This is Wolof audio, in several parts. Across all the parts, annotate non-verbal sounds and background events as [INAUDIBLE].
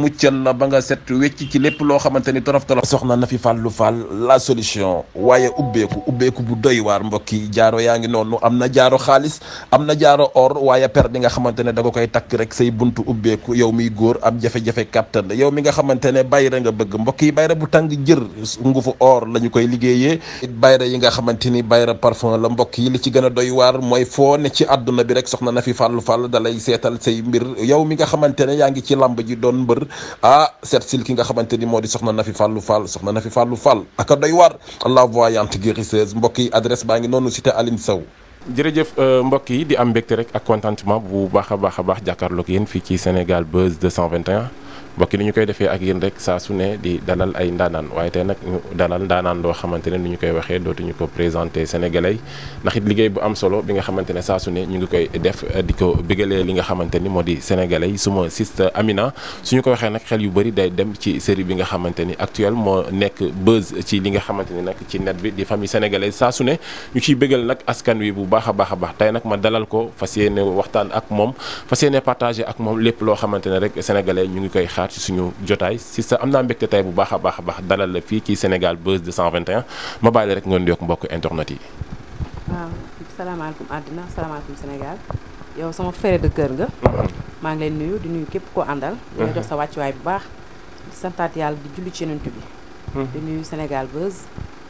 muccal la ba nga set wecc ci lépp loo xamante ni torof torof soxna na fi fàllu faal la solution waaye ubbeeku ubbeeku bu doy waar mbokk yi jaaro yaa ngi noonu am na jaaro xaalis am na jaaro or waaye per di nga xamante ne da nga koy takk rek say buntu ubbeeku yow miy góor am jafe-jafe kàttan yow mi nga xamante ne bayra nga bëgg mbokk yi bayra bu tàng jër ngufu or la ñu koy liggéeyee it bayra yi nga xamante ni bayra parfum la mbokk yi li ci gën a doy waar mooy foo ne ci àdduna bi rek soxna na fi fàllu faal dalay seetal say mbir yow mi nga xamante ne yaa ngi ci làmb ji doon ah seet ki nga xamante ni moo di soxna Nafi fallu Fall soxna Nafi Fallou Fall aka doy waar la voyante guérisseuse mbokk yi adresse baa ngi noonu cité Aline Sow jërëjëf euh, mbokk yi di am mbekk rek ak contentement bu baax a baax a baax jàkkaarloog fii ci Sénégal Buzz 221 mbokk ni ñu koy defee ak yéen rek saa su ne di dalal ay ndaanaan waaye tey nag ñu dalal loo xamante ne ni ñu koy waxee dootuñu ko présenté sénégalais ndax liggéey bu am solo bi nga xamante ne saa su ne ñu ngi koy def eh, di ko bégalee li nga xamante ni moo di sénégalais suma siste Amina suñu ko waxee nag xel yu bëri day dem ci série bi nga xamante ni actuelle nekk buzz ci li nga xamante ni nag ci net bi di famille sénégalaise saa su ne ñu ciy bégal nag askan wi bu baax a baax a baax tey nag ma dalal ko fas yéene waxtaan ak moom fas yéene partagé ak moom lépp loo xamante ne rek sénégalais ñu ngi koy xaar ci suñu jotaay si sa am naa mbégte tey bu baax a baax a baax dalal la fii ci Sénégal Buzz 221 ma bàyyi rek ngeen yokk mbokk internet yi. waaw salaamaaleykum àddina salaamaaleykum Sénégal yow sama frère de cœur nga. Mm-hmm. maa ngi leen nuyu di nuyu képp ko àndal. Mm-hmm. di la jox sa wàccuwaay bu baax di santaat yàlla di julli ci Yonent bi. Mm-hmm. di nuyu Sénégal Buzz.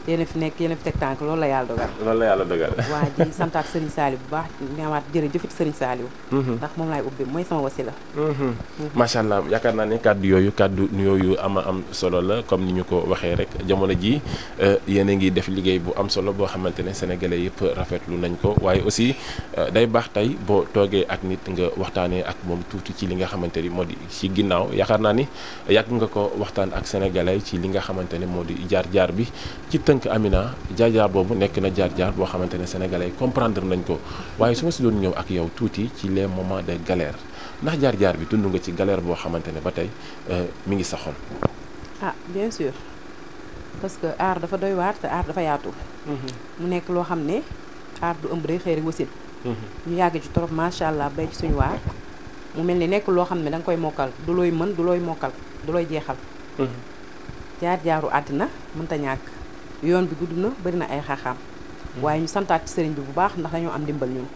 yéen fi nekk yéen a fi teg tànk loolu la yàlla dogal. loolu la yàlla dogal. [LAUGHS] waa di santaat Serigne Saliou bu baax di amaat jërëjëf Serigne Saliou. Mm-hmm. ndax moom laay ubbi mooy sama wasila. Mm-hmm. Mm-hmm. macha allah yaakaar naa ne kàddu yooyu kàddu nuyoo yu am a am solo la comme ni ñu ko waxee rek jamono ji euh, yéen a ngi def liggéey bu am solo boo xamante ne sénégalais yëpp rafetlu nañ ko waaye aussi euh, day baax tey boo toogee ak nit nga waxtaanee ak moom tuuti ci li nga xamante ni moo di ci ginnaaw yaakaar naa ni yàgg nga ko waxtaan ak sénégalais ci li nga xamante ne moo di jaar jaar bi tënk na jaar-jaar boo xamante ne sénégalais yi comprendre nañ ma si doon ñëw ak yow tuuti ci les moments de galère ndax jaar bi dund nga ci galère boo xamante ne ba tey euh, mi ngi sa xol. ah bien sûr que aar dafa doy waar te aar dafa mm-hmm. nekk loo xam ne aar du ëmb rek xëy rek wasit mm-hmm. ñu ci trop macha allah bay ci suñu mu mel ni nekk loo xam ne da koy mokkal du looy mën du looy mokkal du looy jeexal. Mm-hmm. jaar-jaaru àddina mënta ñàkk. yoon bi gudd na bari na ay xaaxaam hmm. waaye ñu santaat ci sëriñ bi bu baax ndax dañoo am dimbal ñun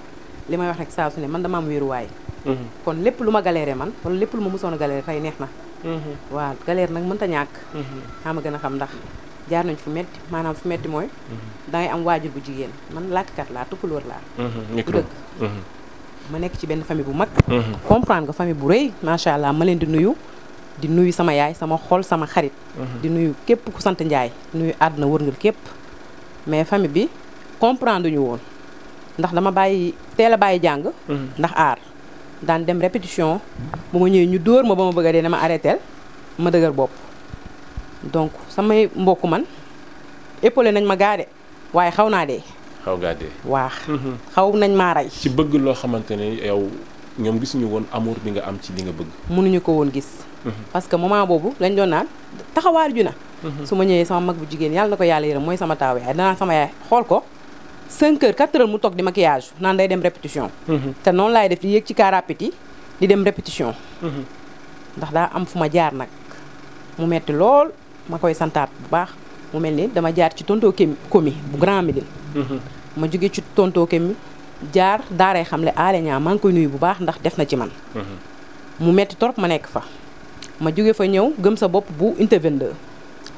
li may wax rek saa su ne man dama am wéeruwaay hmm. kon lépp lu ma galéré man wala lépp lu ma mosoon a galéré tey neex na hmm. waaw galère nag mënta ñàkk maa ma gën a xam ndax jaar nañ fu metti maanaam fu metti mooy dangay am waajur bu jigéen man làkkat laa tukulóor laa bu dëkk ma nekk ci benn famille bu mag comprendre nga famille bu rëy macha allah ma leen di nuyu di nuyu sama yaay sama xol sama xarit. Mhm. di nuyu képp ku sant Njaay nuyu àdduna wërngal képp. mais famille bi comprendre ñu woon ndax dama bàyyi teel a bàyyi jàng. Mhm. ndax aar daan dem répétition bu ma ñëwee ñu dóor ma ba ma bëgg dee dama arrêté ma dëgër bopp. donc samay mbokk man épaulé nañ ma gaade waaye xaw naa de xaw gaa dee waaw. Mhm. xaw nañ maa rey. ci bëgg loo xamante ne yow ñoom gisuñu woon amour bi nga am ci li nga bëgg. mënuñu ko woon gis. parce que moment boobu lañ doon naan taxawaar ju na su ma ñëwee sama mag bu jigéen yàlla na ko yàlla yërëm mooy sama taaw yaay danaa sama yaay xool ko 5 heures 4 mu toog di maquillage naan day dem répétition te noonu laay def di yéeg ci car rapide di dem répétition ndax daa am fu ma jaar nag mu metti lool ma koy santaat bu baax mu mel ni dama jaar ci tontoo kémi komi bu Grand Médine ma jóge ci tontoo kémi jaar daaray xam le aale ñaa maa koy n bu baax ndax def na ci man ma jóge fa ñëw gëm sa bopp bu intervenir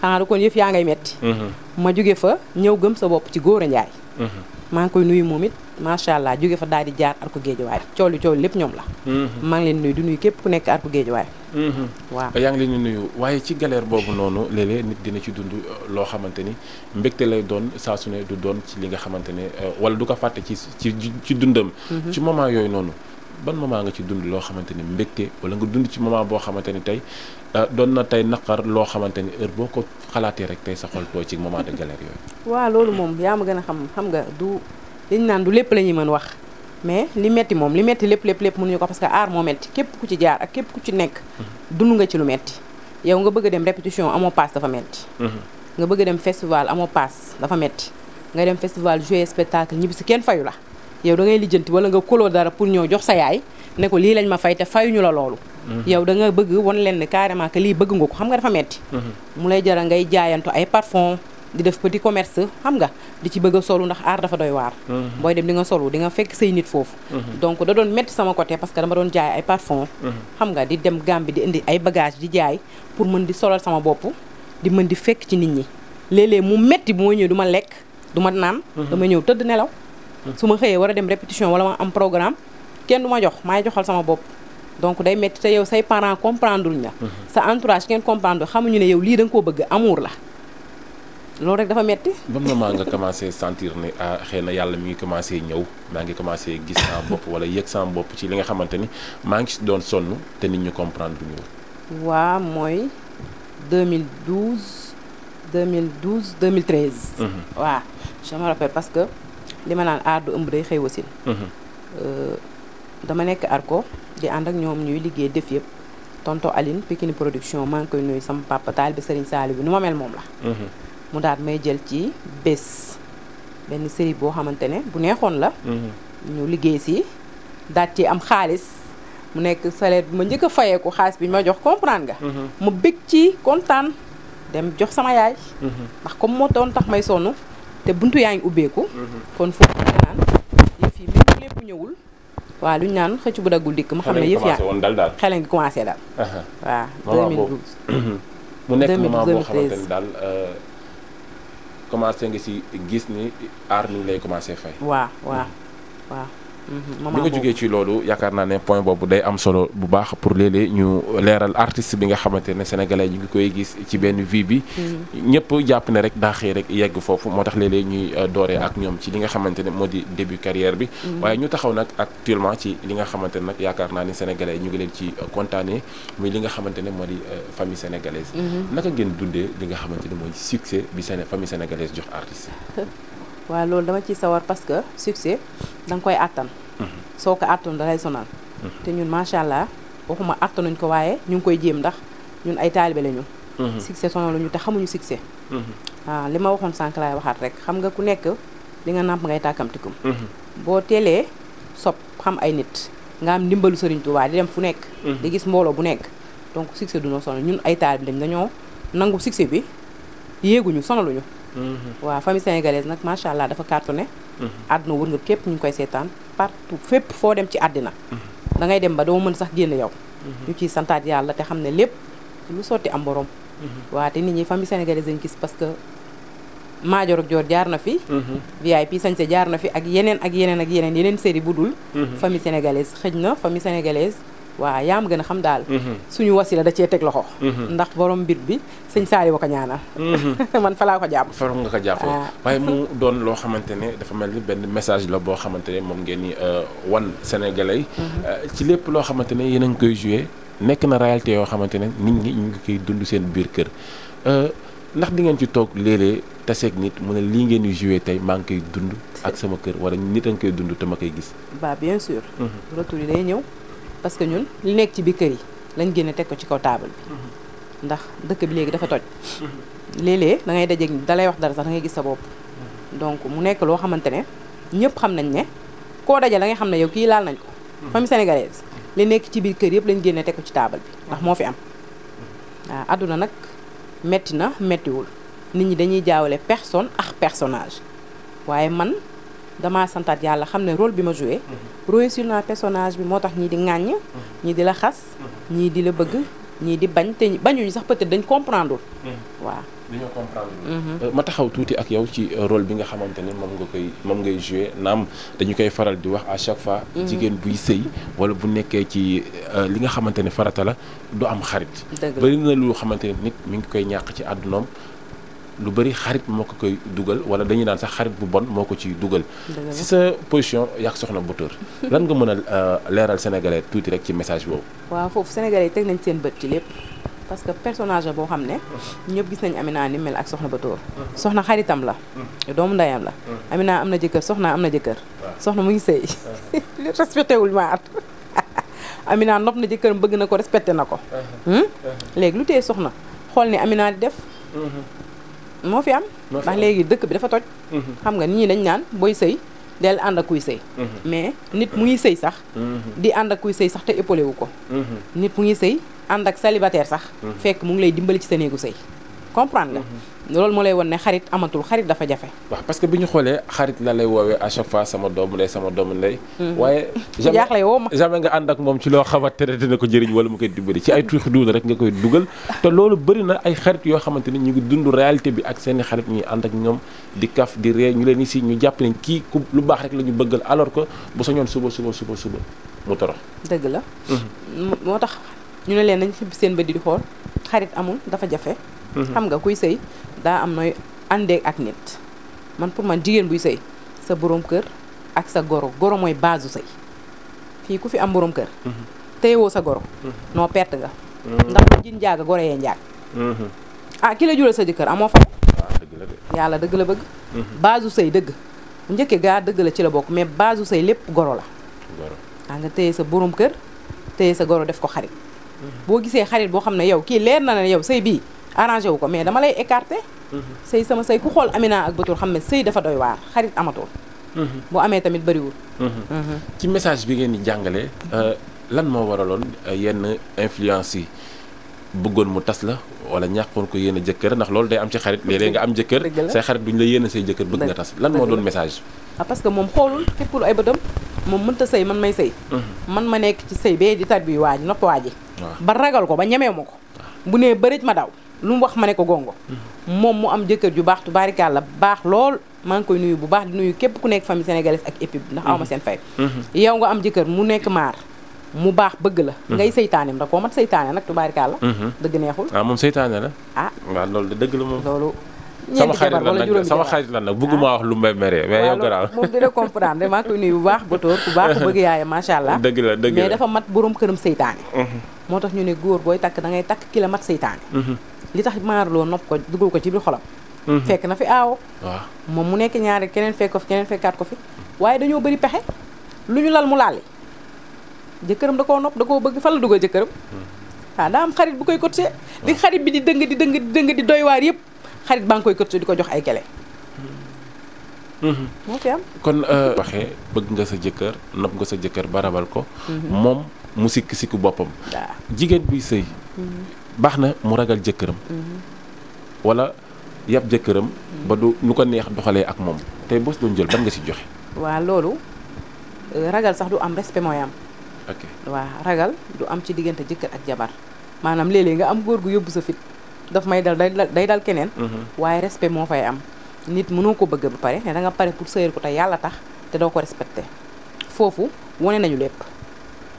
xanaa da kon yëf yaa ngay metti mhm. ma jóge fa ñëw gëm sa bopp ci góor a njaay mhm. maa ngi koy nuyu moom it macha allah jóge fa daal di jaar géej waaye coolu coolu lépp ñoom la mhm. maa ngi leen nuyu du nuyu képp ku nekk arko géejawaay waaw yaa ngi leen di nuyu waaye ci galère boobu noonu léeg-léeg nit dina ci dund euh, loo xamante ni mbégte lay doon saa su ne du doon ci li nga xamante ne euh, wala du ko fàtte ci ci ci dundam ci moment yooyu noonu ban moment nga ci dund loo xamante ni mbégte wala nga dund ci moment boo xamante ni tey euh, doon na tey naqar loo xamante ni heure boo ko xalaatee rek tey sa xol tooy ci moment de galère yooyu. waaw loolu moom yaa ma gën a xam xam nga du liñ naan du lépp la ñuy mën wax mais li metti moom li metti lépp lépp lépp mënuñu ko parce que aar moo metti képp ku ci jaar ak képp ku ci nekk. Mhm. dund nga ci lu metti yow nga bëgg dem répétition amoo paas dafa metti mhm. nga bëgg a dem festival amoo paas dafa metti nga dem festival jouer spectacle ñibbi si kenn fayu la. yow da ngay lijjanti wala nga koloo dara pour ñëw jox sa yaay ne ko lii lañ ma fay te ñu la loolu mhm. yow da nga bëgg won leen ne carrément que lii bëgg nga ko xam nga dafa metti mhm. mu lay jaral ngay jaayantu ay parfum di def petit commerce xam nga di ci bëgg solu ndax aar dafa doy waar mhm. booy dem di nga solu di nga fekk say nit foofu donc da doon sama côté parce que dama doon jaay ay parfum xam nga di dem Gambie di indi ay bagage di jaay pour mën di solal sama bopp di mën di fekk ci nit ñi léeg-léeg mu metti bu ma ñëw du ma lekk du ma naan dama ñëw tëdd nelaw su ma xëyee war a dem répétition wala ma am programme kenn du ma jox maay joxal sama bopp donc day métti te yow say parent comprendre luñ la mhm. sa entourage kenn comprendre xamuñu ne yow lii da nga bëgg amour la loolu rek dafa metti ba moment nga commencé sentir ne ah xëy na yàlla mu ngi commencé ñëw maa ngi commencé gis sama bopp wala yëg sama bopp ci li nga xamante ni maa ngi si doon sonn te nit ñu comprendre ñu woon waa mooy 2012 2012 2013 waaw je me rappelle parce li ma naan aar du ëmb day xëy wasin mhm. euh, dama nekk arko di ànd ak ñoom ñuy liggéey def yëpp tonto Aline Pikini production maa ngi koy sama papa bi Serigne Saliou bi nu ma mel moom la. Mhm. mu daat may jël ci bés. benn série boo xamante ne bu neexoon la. Mhm. ñu liggéey si daat ci am xaalis mu nekk salaire bi ma njëkk a fayeeku xaalis bi ma jox comprendre nga. mu bëgg ci kontaan dem jox sama yaay. ndax comme moo doon tax may sonn. te bunt yaa ngi ubbeeku. kon foofu naan yëf yi même lépp ñëwul. waa lu ñu naan xëcc bu daggul dikk. mu xam ne yëf yaa xel a ngi commencé daal. waaw 2012. [COUGHS] mu nekk moment boo xamante daal euh, commencé nga si gis ni aar ni lay commencé fay. waaw waaw waaw. Mhm. bi nga jógee ci loolu yaakaar naa ne point boobu day am solo bu baax pour léeg-léeg ñu leeral artiste bi nga xamante ne sénégalais ñu ngi koy gis ci benn vie bi mhm. ñëpp jàpp ne rek daa xëy rek yegg foofu moo tax léeg-léeg ñuy euh, dooree ak ñoom ci li nga xamante ne moo di début carrière bi mhm. waaye ñu taxaw nag actuellement ci li nga xamante ne nag yaakaar naa ne sénégalais ñu ngi leen ci euh, kontaane muy li nga xamante ne moo di euh, famille sénégalaise naka ngeen dundee li nga xamante ne mooy succès bi seen famille sénégalaise jox artiste [LAUGHS] waaw loolu dama ciy sawar parce que succès da nga koy àttan mhm. soo ko àttan dalay sonal mhm. te ñun macha allah waxuma àttanuñ ko waaye ñu ngi koy jéem ndax ñun ay taalibe lañu mhm. succès sonal lu ñu te xamuñu succès waaw ah, li ma waxoon sànq laay waxaat rek xam nga ku nekk li nga nàmp ngay tàkkamtikum boo teelee sob xam ay nit nga am ndimbalu Sëriñ Tuubaa di dem fu nekk di gis mbooloo bu nekk donc succès du ñu sonal ñun ay taalibe lañ dañoo nangu succès bi yéeguñu sonaluñu Mm-hmm. waaw famille sénégalaise nag macha allah dafa cartonné. Mm-hmm. àdduna wër nga képp ñu ngi koy seetaan partout fépp foo dem ci àddina. Mm-hmm. dangay dem ba doo mën sax génn yow. ñu ciy santaat yàlla te xam ne lépp lu sotti am borom. waaw te nit ñi famille sénégalaise lañ gis parce que Madior ak Dior jaar na fi. VIP Sañse jaar na fi ak yeneen ak yeneen ak yeneen yeneen série bu dul. famille sénégalaise xëj na famille sénégalaise. waaw yaa ma gën a xam daal. Mhm. suñu wasila da cee teg loxo. Mhm. ndax borom mbir bi sëñ Saali wa ko ñaanal. Mhm. [LAUGHS] man fa laa ko jàpp. faroon nga ko jàppoo ah. waaye mu doon loo xamante ne dafa mel ni benn message la boo xamante ne moom ngeen ni euh, wan sénégalais. Euh, ci lépp loo xamante ne yéen ngi koy joué nekk na réalité yoo xamante ne nit ñi ñu ngi koy dund seen biir kër. Euh, ndax di ngeen ci toog léeg-léeg taseeg nit mu ne lii ngeen di joué tey maa ngi koy dund ak sama kër wala nit a ngi koy dund ma koy gis. bien yi day ñëw. parce que ñun li nekk ci biir kër yi lañ génne teg ko ci kaw taabal bi mhm. ndax dëkk bi léegi dafa toj mhm. léeg-léeg da ngay dajeeg da lay wax dara sax da ngay gis sa bopp mhm. donc mu nekk loo xamante ne ñëpp xam nañ ne koo daje la ngay xam ne yow kii laal nañ ko famille sénégalaise li nekk ci biir kër yëpp lañ génne teg ko ci taabal bi ndax moo fi am waaw àdduna nag metti na mettiwul nit ñi dañuy jaawale personne ak personnage waaye man damaa santaat yàlla xam ne role bi ma joué. Mhm. réussir naa personnage bi moo tax ñii di ŋàññ. Mhm. ñii di la xas. Mhm. ñii di la bëgg ñii di bañ te bañuñu sax peut-être dañ comprendre. waaw dañoo euh, ma taxaw tuuti ak yow ci euh, rôle bi nga xamante ne moom nga koy moom ngay joué naam dañu koy faral di wax à chaque fois. jigéen buy sëy wala bu nekkee ci euh, li nga xamante ne farata la du am xarit. bëri na xamante ne nit mi ngi koy ñàkk ci àddunaam lu bëri xarit moo ko koy dugal wala dañuy naan sax xarit bu bon moo ko ciy dugal si sa position yaa soxna Bator [LAUGHS] lan nga mën a euh, leeral sénégalais tuuti rek ci message boobu waaw foofu sénégalais yi teg nañ seen bët ci lépp parce que personnage boo xam ne ñëpp gis nañ Amina ni mel ak soxna Bator soxna xaritam la mm. doomu ndeyam la mm. Amina am na jëkkër soxna am na jëkkër soxna mu ngi sëy [LAUGHS] respecté wul maar [LAUGHS] Amina nopp na jëkkëram bëgg na ko respecté na ko uh-huh. Hmm? Uh-huh. léegi lu tee soxna xool ni Amina di def mm-hmm. moo fi am ndax léegi dëkk bi dafa toj mhm. xam nga nit ñi dañ naan booy sëy del ànd ak kuy sëy mhm. mais nit mu ngi sëy sax mhm. di ànd ak kuy sëy sax te épaulé wu ko nit mu ngi sëy ànd ak célibataire sax fekk mu ngi lay dimbali ci sa néegu sëy comprendre nga. Mhm. loolu moo lay won ne xarit amatul xarit dafa jafe. waaw parce que bi ñu xoolee xarit la lay woowee à chaque fois sama doom ndey sama doomu ndey. Mhm. waaye [LAUGHS] jaaxle woo nga ànd ak moom ci loo xamante ne dina ko jëriñ wala mu koy dimbali ci ay tuuxi duuna rek nga koy dugal te loolu bëri na ay xarit yoo xamante ni ñu ngi dund réalité bi ak seeni xarit ñuy ànd ak ñoom di kaf di ree ñu leen si ñu jàpp ne kii ku lu baax rek la ñu bëggal alors que bu sañoon suba suba suba suba mu torox. dëgg la. Mhm. moo tax ñu ne leen nañ fi seen bët di xool xarit amul dafa jafe xam nga kuy sëy daa am nooy àndee ak nit man pour man jigéen buy sëy sa borom kër ak sa goro goro mooy baasu sëy fii ku fi am borom kër mhm. téyewoo sa goro mhm. noo perte nga mhm. ndax bu jin njaaga goro yee njaag ah ki jural sa jëkkër amoo fa ah, yàlla dëgg la bëgg baasu sëy dëgg bu gaa dëgg la ci la bokk mais baasu sëy lépp goro la waa ah, nga téye sa borom kër téye sa goro def ko xarit boo gisee xarit boo xam ne yow kii leer na ne yow sëy bii arrangé wu ko mais dama lay écarté mhm. sëy sama sëy ku xool Amina ak Batour xam ne sëy dafa doy waar xarit amatul mhm. bu amee tamit bëriwul mhm. ci message bi ngeen di jàngale euh, lan moo waraloon euh, yenn influence yi bëggoon mu tas la wala ñàkkoon ko yéen a jëkkër ndax loolu day am ci xarit léeg-léeg nga am jëkkër say xarit duñ la yéen a say jëkkër bëgg nga tas lan moo doon message ah parce que moom xoolul képp lu ay bëtam moom mënta sëy man may sëy man ma nekk ci sëy bee di tar bi waaj nopp waaji ba ragal ko ba ñemee ko bu nee bërit ma daw lu wax ma ne ko gongo moom mu am jëkkër ju baax tubaarikaal la baax lool maa ngi koy nuyu bu baax di nuyu képp ku nekk famille sénégalaise ak épi ndax awma mm-hmm. seen fay mm-hmm. yow nga am jëkkër mu nekk maar mu baax bëgg la mm-hmm. ngay seytaaneem da koo mat seytaane nag tubaarikaal la dëgg neexul ah moom seytaane la ah waaw loolu de dëgg la moom loolu sama xarit lan nag sama xarit lan nag bëgguma ah. wax lu mbay mere mais yow garaaw moom dina comprendre maa ngi koy nuyu bu baax batóor ku baax bëgg yaaye macha [LAUGHS] allah dëgg la dëgg la mais dafa mat borom këram seytaane moo tax ñu ne góor booy takk da ngay takk ki la mat seytaane li tax maarloo nopp ko dugal ko ci biir xolam mhm. fekk na fi aawo waaw moom mu nekk ñaari keneen fekk ko fi keneen fekkaat ko fi waaye dañoo bari pexe lu ñu lal mu laal jëkkëram da koo nopp da koo bëgg fan la dugal jëkkëram waaw mhm. ah, daa xarit bu koy cotisé di xarit bi di dëng di dëng di di doy waar yëpp xarit baa ngi koy cotisé di ko jox ay gele mhm. moo fi am kon waxee euh, bëgg nga sa jëkkër nopp nga sa jëkkër ba rabal ko moom mu sikk sikku boppam jigéen bi sëy baax na mu ragal jëkkëram wala yab jëkkëram ba du nu ko neex doxalee ak moom tey bos doon jël ban nga ci joxe waa loolu euh, ragal sax du am respect mooy am ok ragal du am ci diggante jëkkër ak jabar maanaam léeg nga am góor gu yóbbu sa fit daf may dal day dal keneen mhm. waaye respect moo fay am nit mënoo ko bëgg ba pare ne da nga pare pour sëyal ko te yàlla tax te doo ko respecté foofu wone nañu lépp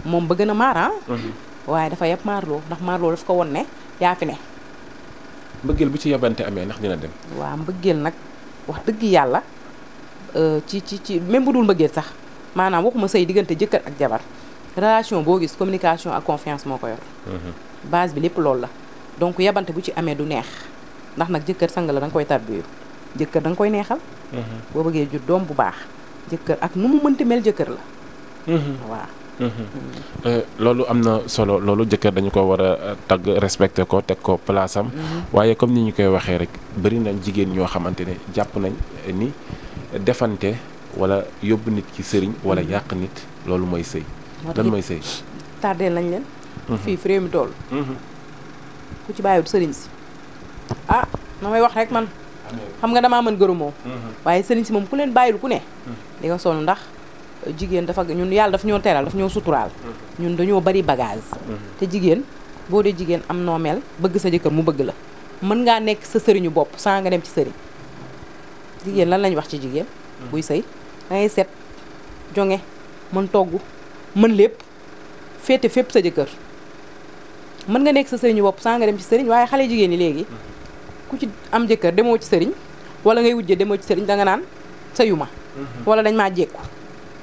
moom bëgg na maar ah. mhm. waaye dafa yeb Marlo ndax Marlo daf ko won ne yaa fi ne. mbëggeel bu ci yabante amee ndax dina dem. waa mbëggeel nag wax dëgg yàlla euh, ci ci ci même bu dul mbëggeel sax maanaam waxuma say diggante jëkkër ak jabar relation boo gis communication ak confiance moo ko yor. Mhm. base bi lépp loolu la. donc yabante bu ci amee du neex ndax nag jëkkër sang la danga koy tarbiyu jëkkër da nga koy neexal. Mhm. boo bëggee jur doom bu baax jëkkër ak nu mu mënti mel jëkkër la. Mhm. Euh, loolu am na solo loolu jëkkër dañu ko war a euh, tagg respecté ko teg ko place mhm. waaye comme ni ñu koy waxee rek bëri nañ jigéen ñoo xamante ne jàpp nañ ni defante wala yóbbu nit ci sëriñ wala mhm. yàq nit loolu mooy sëy. lan mooy sëy. tardé lañ leen. Mhm. fii fi réew mi toll. ku ci bàyyiwut sëriñ si. ah na wax rek man. xam nga damaa mën gërëmoo. waaye sëriñ si moom ku leen bàyyil ku ne. di nga sonn ndax. jigéen dafa ñun yàlla daf ñoo teral daf ñoo suturaal. ñun dañoo bari bagage. te jigéen boo dee jigéen am noomeel bëgg sa jëkkër mu bëgg la mën ngaa nekk sa sëriñu bopp saa nga dem ci sëriñ jigéen lan lañ wax ci jigéen. buy sëy da ngay set jonge mën togg mën lépp féete fépp sa jëkkër mën nga nekk sa sëriñu bopp saa nga dem ci sëriñ waaye xale jigéen ñi léegi ku ci am jëkkër demoo ci sëriñ wala ngay wujje demoo ci sëriñ danga naan sëyu ma mhm. dañ maa jékku.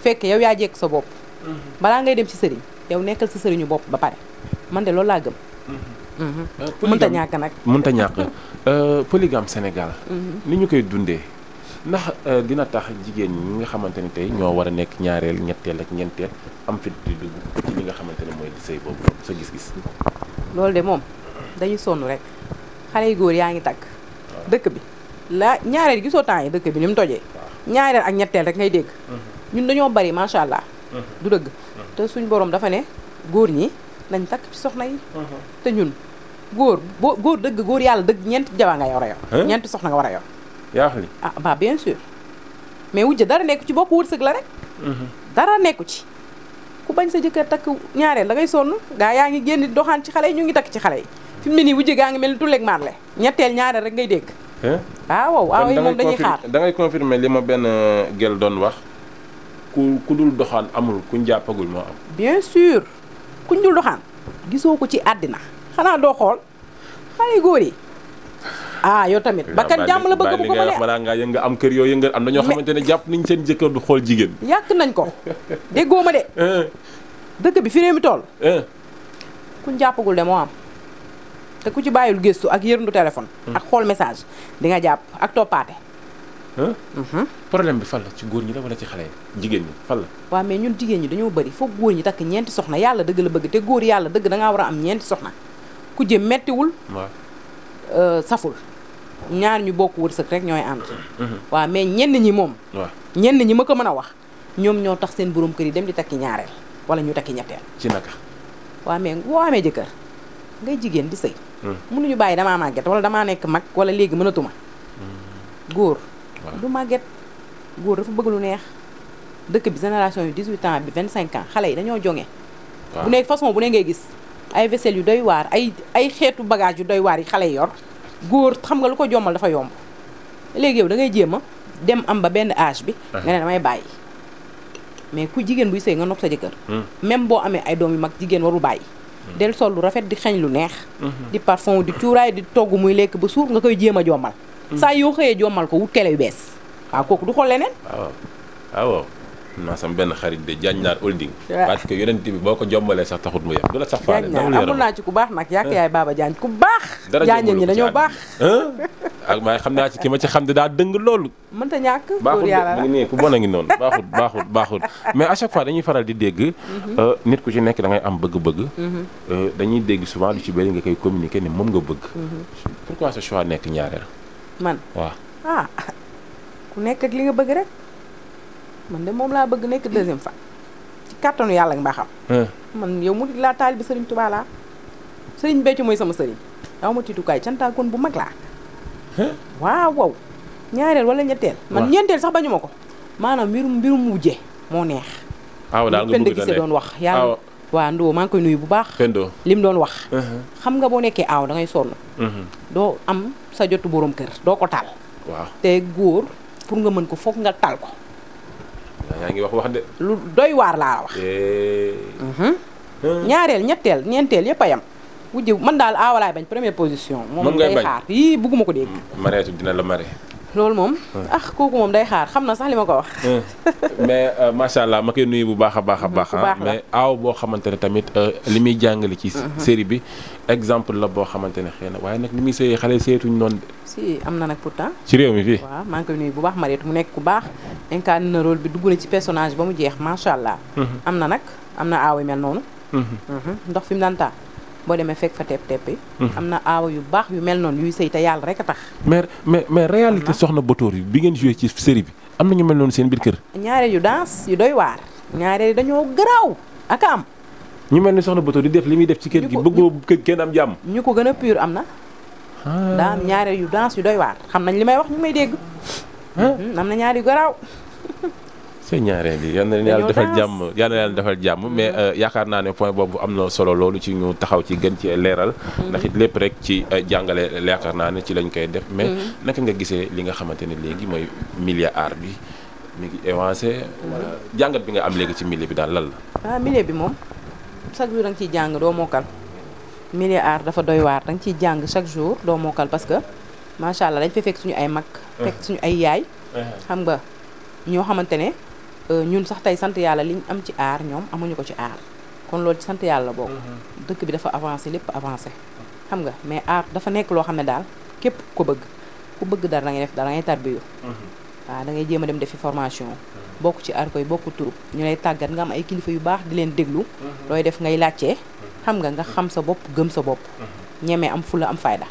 fekkee yow yaa jekk sa bopp mhm. balaa ngay dem ci sëriñ yow nekkal sa sëriñu bopp ba pare man de lool laa gëm mhm. Mhm. Euh, mënta ñàkk nag mënta ñàkk [LAUGHS] euh, polygame Sénégal ni ñu koy dundee ndax euh, dina tax jigéen ñi nga xamante ni tey ñoo war a nekk ñaareel ñetteel ak ñeenteel am fit di dugg ci li nga xamante ne mooy di sëy boobu sa gis-gis loolu de moom dañu sonn rek xale yu góor yaa ngi takk dëkk bi la ñaareel gisoo temps yi dëkk bi ni mu tojee ñaareel ak ñetteel rek ngay dégg ñun dañoo bari macha allah. Uh-huh. du dëgg uh-huh. te suñ borom dafa ne góor ñi nañ takk ci soxna yi. Uh-huh. te ñun góor boo góor dëgg góor yàlla dëgg ñeenti jabar nga war a yor. ñeenti soxna nga war a yor. yaa xam ah bah bien sûr mais wujj dara nekku ci bopp wërsëg la rek. dara nekku ci. ku bañ sa jëkkër takk ñaareel da ngay sonn gaa yaa ngi génn doxaan ci xale yi ñu ngi takk ci xale yi. fi mu ne nii wujj gaa ngi mel ni tulleeg maarle ñetteel ñaareel rek ngay dégg. Ah, waaw waaw waaw moom dañuy xaar da ngay confirmer li doon wax ku ku dul doxaan amul kuñ jàppagul moo am. bien sûr kuñ dul doxaan gisoo ko ci àddina xanaa doo xool xale góor yi ah yow tamit. bakkan jàmm la bëgg bu ko mënee balaa ngaa yënga am kër yoo yëngal am na ñoo xamante ne jàpp nañ seen jëkkër du xool jigéen. yàq nañ ko déggoo ma de. Eh. dëkk bi fi réew mi toll. Eh. kuñ jàppagul de moo am. te ku ci bàyyil gëstu ak yërndu téléphone. Hmm. ak xool message di nga jàpp ak toppaate. Mm-hmm. problème bi fan la ci góor ñi la wala ci xale yi jigéen ñi fan la waaw mais ñun jigéen ñi dañoo bëri foog góor ñi takk ñeenti soxna yàlla dëgg la bëgg te góor yàlla dëgg da ngaa war a am ñeenti soxna ku jëm mettiwul waaw euh, saful ñaar ñu bokk wërsëg rek ñooy ànd mm-hmm. waaw mais ñenn ñi moom waaw ñenn ñi ma ko mën a wax ñoom ñoo tax seen borom kër yi dem di takki ñaareel wala ñu takki ñetteel ci naka waaw mais boo amee jëkkër ngay jigéen di sëy mm. mënuñu bàyyi damaa màgget wala damaa nekk mag wala léegi mënatuma mm. du màgget góor dafa bëgg lu neex dëkk bi génération yu 18 ans bi 25 ans xale yi dañoo jonge bu nekk façon bu ne ngay gis ay vaisselle yu doy waar ay xeetu bagage yu doy waar yi xale yor góor xam nga lu ko jommal dafa yomb léegi da ngay jéem a dem am ba benn âge bi ah. nga ne bàyyi mais ku jigéen buy sëy nga nopp sa jëkkër hmm. même boo amee ay doom yu mag jigéen waru bàyyi hmm. del sol lu rafet di xeeñ lu neex hmm. di parfum di cuuraay di togg muy lekk ba suur nga koy jéem a jommal Mm. saa yoo xëyee jommal ko wut télé yu bees waaw kooku du xool leneen. waaw waaw naa sama benn xarit de jaañ naan holding. parce que yonent bi boo ko jombalee sax taxut mu yem sax faale. amul naa ci ku baax nag yàq yaay baaba jaañ ku baax. dara jaañam ñi dañoo baax. ak maa xam naa ci ki ma ci xam ne daa dëng loolu. mënta ñàkk baaxul mu ngi nii ku a ngi noonu baaxul baaxul baaxul mais à chaque fois dañuy faral di dégg. Mhm. Euh, nit ku ci nekk da ngay am bëgg-bëgg. Mhm. Euh, dañuy dégg souvent lu ci bëri nga koy communiquer ne moom nga bëgg. Mhm. pourquoi ce choix nekk ñaareel man waaw ah ku nekk li nga bëgg rek man de moom laa bëgg nekk deuxième fa ci kàttanu yàlla ak mbaaxam eh. man yow mu laa taalibe sëriñ Tuubaa laa sëriñ Béthio mooy sama sëriñ aw ma tiitukaay cantaakoon bu mag laa eh? waaw wow ñaareel wala ñetteel man ñeenteel sax bañu ma ko maanaam mbirum mbirum wujje moo neex waaw daal nga bëgg doon wax yàlla waaw Ndo maa ngi koy nuyu bu baax doon wax eh, xam nga boo nekkee aaw da ngay sonn mm-hmm. doo am sa jotu boroom kër doo ko taal. waaw te góor pour nga mën ko foog nga taal ko. yaa ngi wax wax de. doy waar laa la wax. Eh. Mhm. ñaareel ñetteel ñeenteel yëpp a yam. wujj man daal aawalaay bañ première position. moom ngay bañ moom ngay xaar yii bugguma ko dégg. mariage dina la mare loolu moom. ah ko moom day xaar xam na sax li ma ko wax. [LAUGHS] mais euh, macha allah ma koy nuyu bu baax a baax a baax. Ah. mais aaw boo xamante ne tamit euh, li muy jàngale ci. Mhm. série bi exemple la boo xamante ne xëy na waaye nag ni muy sëyee xale seetuñu noonu. am na nag pourtant. ci réew mi fii waaw maa ngi koy nuyu bu baax Mariette mu nekk ku baax. incarné na rôle bi dugg na ci personnage ba mu jeex macha allah. Mhm. am na nag am na aaw yu mel noonu. Mhm. ndox fi mu boo demee fekk fa tepp teppi hmm. am na aawa yu baax yu mel noonu yuy sëy te yàlla rek a tax mais mais mais réalité soxna Batoor yi bi ngeen joué ci série bi am na ñu mel noonu seen biir kër ñaareel yu danse yu doy waar ñaareel dañoo ak am ñu mel ni soxna Batoor di def li muy def ci kër gi bëggoo kër kenn am jàmm ñu ko gën a pur am na ah. daa ñaareel yu dance yu doy waar xam nañ li may wax ñu may dégg hmm, am na ñaar yu garaaw [LAUGHS] seen ñaareel yi yal na leen yàlla defal jàmm yal na leen jàmm mais mm. euh, yaakaar naa ne point boobu am na solo loolu ci ñu taxaw ci gën ci leeral. Mm. ndax it lépp rek ci euh, jàngale yaakaar naa ne ci lañ koy def. mais mm. naka nga gisee li nga xamante ne léegi mooy millier aar bi mi ngi avancé. wala jàngat bi nga am léegi ci milieu bi daal lal la. ah bi moom chaque jour da nga ciy jàng doo mokkal aar dafa doy waar da nga ciy jàng chaque jour doo mokkal parce que macha allah dañ fekk suñu ay mag. Ah. suñu ay yaay. Ah. xam nga ñoo xamante ne. Euh, ñun sax tey sant yàlla liñ am ci aar ñoom amuñu ko ci aar kon loolu ci sant yàlla bokk mm-hmm. dëkk bi dafa avancé lépp avancé xam nga mais aar dafa nekk loo xam ne daal képp ko bëgg ku bëgg dara da ngay def dara da ngay tarbiyu mm-hmm. waaw da ngay jéem a dem defi formation mm-hmm. bokk ci aar koy bokk turub ñu lay tàggat nga am ay kilifa yu baax di leen déglu looy def ngay laajtee xam nga nga xam sa bopp gëm sa bopp ñemee am fulla am fayda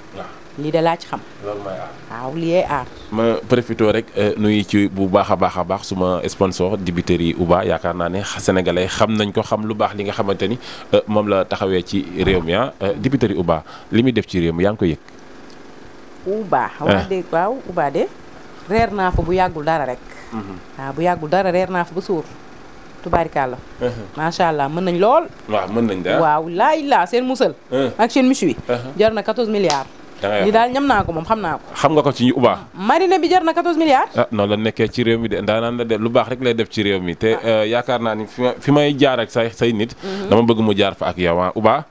lii de laa ci xam. loolu mooy aar waaw lii ay aar. ma profité rek euh, nuyu ci bu baax a baax a baax suma sponsor dibiteri Uba yaakaar naa ne sénégalais xam nañ ko xam lu baax li nga xamante ni euh, moom la taxawee ci réew mi ah euh, dibiteri Uba li muy def ci réew mi yaa ngi ko yëg. Uba. waaw ah. de waaw Uba de reer naa fa bu yàggul dara rek. Mhm. waaw bu yàggul dara reer naa fa ba suur. tubaarikàlla. Mhm. macha allah mën nañ lool. waaw mën nañ daal ah. waaw laay laa seen musal. Mhm. ak seen michu yi. jar na 14 milliards. li daal ñam naa ko moom xam naa ko. xam nga ko ci ñu ubaa. marine bi jar na 14 milliards. ah noonu nekkee ci réew mi de ndaanaan la de lu baax rek lay def ci réew mi te ah. euh, yaakaar naa ni fi may jaar ak say say nit. Mhm. dama bëgg mu jaar fa ak yow ah ubaa